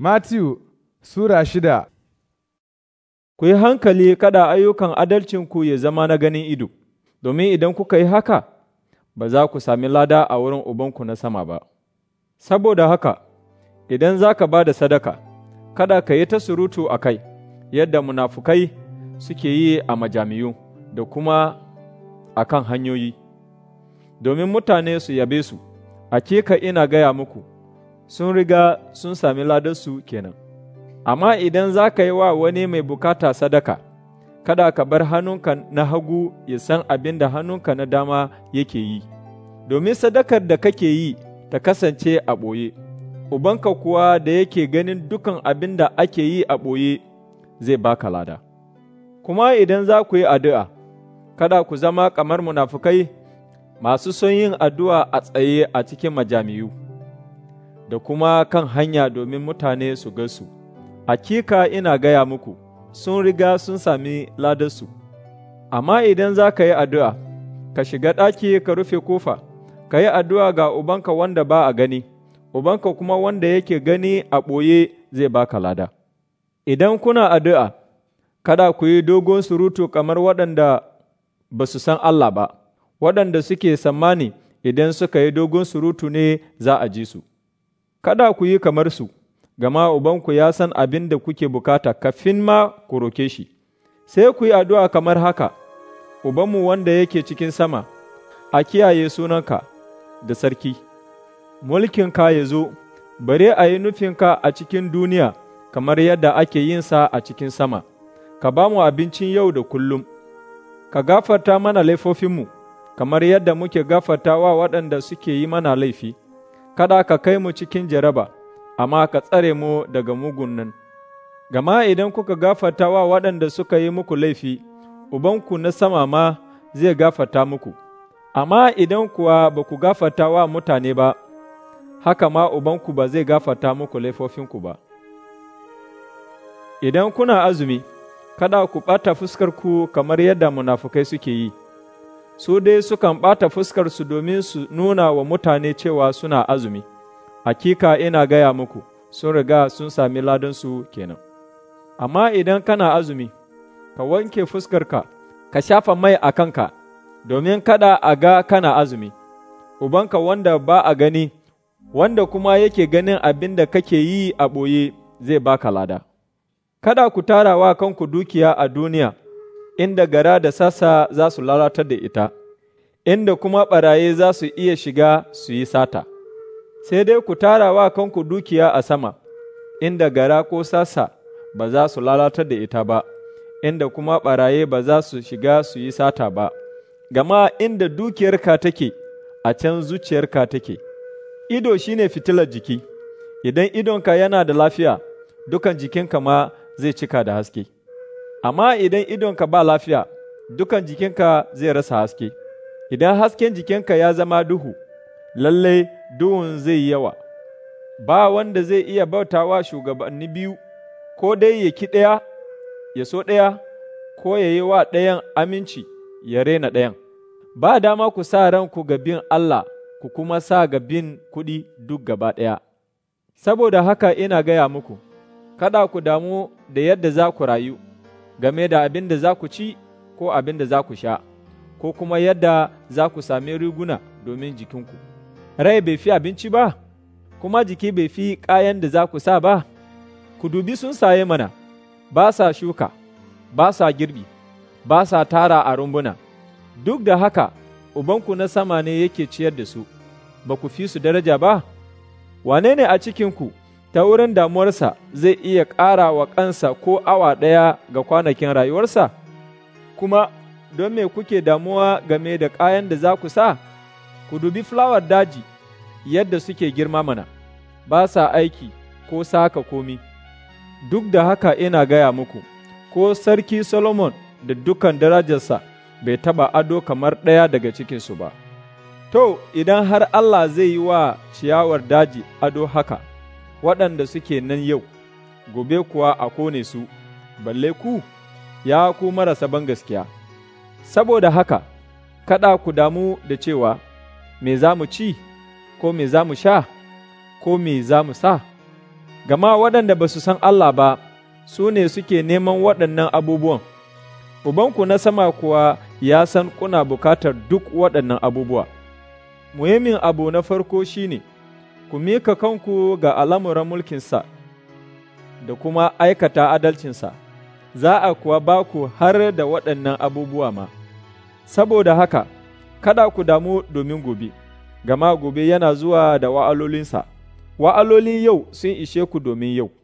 matthew Sura shida Ku yi hankali kada ayyukan adalcinku ya zama na ganin ido, domin idan kuka yi haka, ba za ku sami lada a wurin Ubanku na sama ba. Saboda haka, idan za ka ba da sadaka, kada ka yi ta surutu a kai, yadda munafukai suke yi a majami'u da kuma a kan hanyoyi, domin mutane su yabe su, a ina gaya muku. sun riga sun sami ladarsu kenan. Amma idan za ka yi wa wani mai bukata sadaka, kada ka bar hannunka na hagu ya san abin da hannunka na dama yake yi, domin sadakar da kake yi ta kasance a ɓoye, Ubanka kuwa da yake ganin dukan abin da ake yi a ɓoye zai baka lada. Kuma idan za ku yi addu'a, kada ku zama kamar munafukai masu son yin addu'a a tsaye a cikin majami'u. da kuma kan hanya domin mutane su gasu. Hakika ina gaya muku, sun riga sun sami ladarsu. Amma idan za ka yi addu'a, ka shiga ɗaki ka rufe kofa, ka yi addu'a ga Ubanka wanda ba a gani, Ubanka kuma wanda yake gani a ɓoye zai baka lada. Idan kuna addu'a, kada ku yi dogon surutu kamar waɗanda ba su san Allah ba, waɗanda suke tsammani idan suka yi dogon surutu ne za a ji su. kada ku yi kamar su, gama Ubanku ya san abin da kuke bukata kafin ma ku roke shi, sai ku yi addu'a kamar haka, Ubanmu wanda yake cikin sama, a kiyaye sunanka da sarki, mulkinka ya zo, bare a yi nufinka a cikin duniya kamar yadda ake yin sa a cikin sama, ka ba mu abincin yau da kullum, ka gafarta mana laifofinmu, kamar yadda muke gafarta wa waɗanda suke yi mana laifi. kada ka kai mu cikin jaraba, amma ka tsare mu daga mugun nan. Gama idan kuka gafata wa waɗanda suka yi muku laifi, Ubanku na sama ma zai gafata muku, amma idan kuwa ba ku gafata wa mutane ba, haka ma Ubanku ba zai gafata muku laifofinku ba. Idan kuna azumi, kada ku ɓata fuskarku kamar yadda munafukai suke yi. su dai sukan ɓata fuskarsu domin su nuna wa mutane cewa suna azumi, hakika ina gaya muku, sun riga sun sami ladansu kenan. Amma idan kana azumi, ka wanke fuskarka, ka shafa mai a kanka, domin kada a ga kana azumi, ubanka wanda ba a gani, wanda kuma yake ganin abin da kake yi a ɓoye zai baka lada. Kada ku tara wa kanku dukiya a duniya. inda gara da sasa za su lalatar da ita, inda kuma ɓaraye za su iya shiga su yi sata, sai dai ku tara wa kanku dukiya a sama, inda gara ko sassa ba za su lalatar da ita ba, inda kuma ɓaraye ba za su shiga su yi sata ba, gama inda dukiyarka take, a can zuciyarka take. Ido shine fitilar jiki, idan idonka yana da lafiya, dukan jikinka ma zai cika da haske. amma idan idonka ba lafiya dukan jikinka zai rasa haske idan hasken jikinka ya zama duhu lallai duhun zai yawa ba wanda zai iya bautawa shugabanni biyu ko dai ya ki ɗaya ya so ɗaya ko ya yi wa ɗayan aminci ya rena ɗayan ba dama ku sa ranku ga bin Allah ku kuma sa ga bin kuɗi duk gaba ɗaya saboda haka ina gaya muku kada ku damu da yadda za ku rayu game da abin da za ku ci ko abin da za ku sha, ko kuma yadda za ku sami riguna domin jikinku. Rai bai fi abinci ba, kuma jiki bai fi kayan da za ku sa ba, ku dubi sun saye mana, ba sa shuka, ba sa girbi, ba sa tara a rumbuna, duk da haka Ubanku na sama ne yake ciyar da su, ba ku fi su daraja ba? Wane ne a cikinku ta wurin damuwarsa zai iya ƙara wa kansa ko awa ɗaya ga kwanakin rayuwarsa? Kuma, don me kuke damuwa game da kayan da za ku sa? Ku dubi fulawar daji yadda suke girma mana, ba sa aiki ko saka komi. Duk da haka ina gaya muku, ko Sarki Solomon da dukan darajarsa bai taɓa ado kamar ɗaya daga cikinsu ba. To, idan har Allah zai yi wa ciyawar daji ado haka. waɗanda suke nan yau, gobe kuwa a kone su, balle ku, ya ku marasa bangaskiya. Saboda haka, kaɗa ku damu da cewa, me za mu ci, ko me za mu sha, ko me za mu sa, gama waɗanda ba su san Allah ba, su ne suke neman waɗannan abubuwan. Ubanku na sama kuwa ya san kuna bukatar duk waɗannan abubuwa. Muhimmin abu na farko shine ku mika kanku ga al'amuran mulkinsa da kuma aikata adalcinsa, za a kuwa ba ku har da waɗannan abubuwa ma. Saboda haka, kada ku damu domin gobe, gama gobe yana zuwa da wa'alolinsa, wa'alolin yau sun ishe ku domin yau.